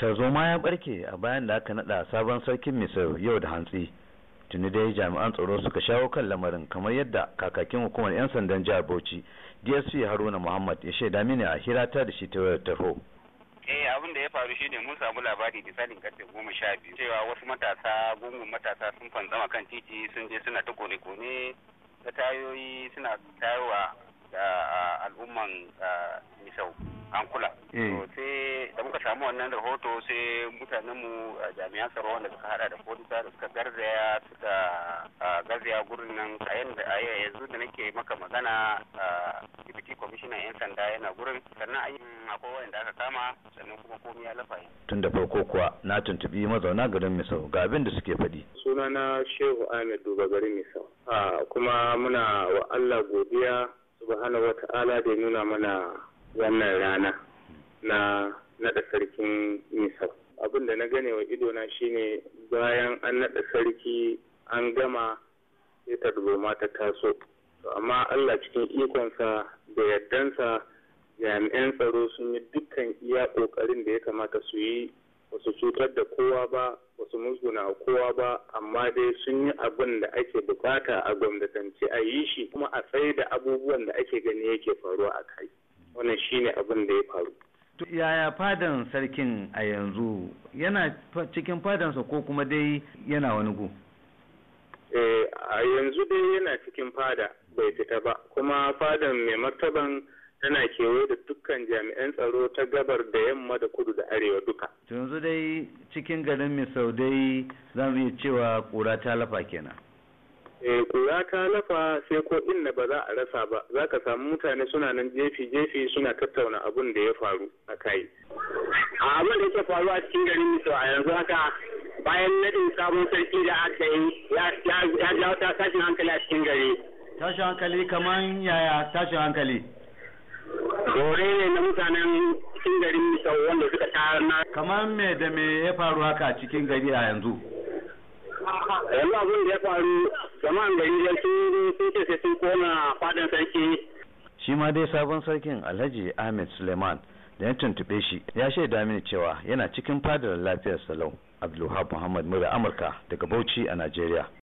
tarzoma ya barke a bayan da aka nada sabon sarkin misir yau da hantsi tuni dai jami'an tsaro suka shawo kan lamarin kamar yadda kakakin hukumar 'yan sandan jihar bauchi dsp haruna muhammad ya shaida mini a hirata da shi ta wayar tarho eh abin da ya faru shine mun samu labari misalin karfe goma sha biyu cewa wasu matasa gungun matasa sun fanzama kan titi sun je suna ta kone-kone da tayoyi suna tayowa da al'umman misau an kula eh. sai samu wannan rahoto sai mutanenmu jami'an tsaro wanda suka hada da polisa da suka garzaya suka garzaya gurin nan a yanzu da nake maka magana deputy commissioner yan sanda yana gurin sannan an akwai wanda aka kama sannan kuma komai ya lafa tun da farko kuwa na tuntubi mazauna garin misau ga abin da suke faɗi sunana shehu ahmed duba garin misau kuma muna wa allah godiya subhanahu wa ta'ala da nuna mana wannan rana na naɗa sarkin misau abin da na gane wa idona shine bayan an naɗa sarki an gama sai tarzoma ta taso amma allah cikin ikonsa da yardansa jami'an tsaro sun yi dukkan iya ƙoƙarin da ya kamata su yi wasu cutar da kowa ba wasu su musguna kowa ba amma dai sun yi abin da ake bukata a gwamnatance a yi shi kuma a tsaye da abubuwan da ake gani yake faruwa a kai wannan shine abin da ya faru yaya fadan sarkin a yanzu yana cikin fadansa ko kuma dai yana wani gu eh, a yanzu dai yana cikin fada bai fita ba kuma fadan mai martaban tana kewaye da dukkan jami'an tsaro ta gabar da yamma da kudu da arewa duka. yanzu dai cikin garin misaudai dai mu iya cewa ƙura ta lafa kenan. eh kura ta lafa sai ko inna ba za a rasa ba za ka samu mutane suna nan jefi-jefi suna tattauna abin da ya faru a kai a abin da yake faruwa cikin garin miso a yanzu haka bayan nadin sabon sarki da aka yi ya jawo ta tashin hankali a cikin gari tashin hankali kaman yaya tashin hankali dore ne na mutanen cikin garin miso wanda suka tara na kamar me da me ya faru haka cikin gari a yanzu yanzu abin da ya faru jama'an gari ya sun ce sai sun kona fadin sarki shi ma dai sabon sarkin alhaji ahmed suleiman da ya tuntube shi ya shaida mini cewa yana cikin fadar lafiyar salau abdulhab muhammad mura amurka daga bauchi a nigeria.